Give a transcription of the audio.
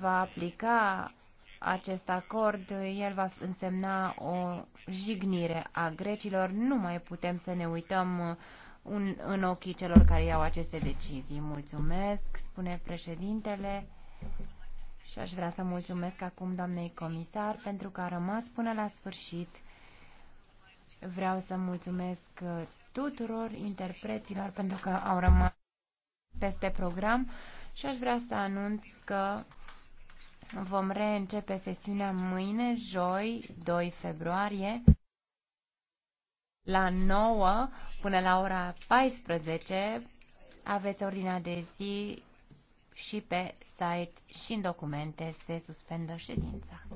va aplica acest acord, el va însemna o jignire a grecilor. Nu mai putem să ne uităm uh, un, în ochii celor care iau aceste decizii. Mulțumesc, spune președintele. Și aș vrea să mulțumesc acum doamnei comisar pentru că a rămas până la sfârșit. Vreau să mulțumesc uh, tuturor interpreților pentru că au rămas peste program și aș vrea să anunț că Vom reîncepe sesiunea mâine, joi, 2 februarie, la 9 până la ora 14. Aveți ordinea de zi și pe site și în documente se suspendă ședința.